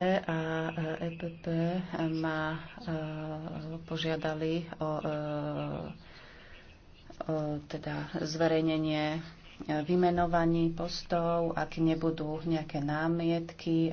a EPP e ma e, požiadali o, e, o teda zverejnenie vymenovaní postov, ak nebudú nejaké námietky,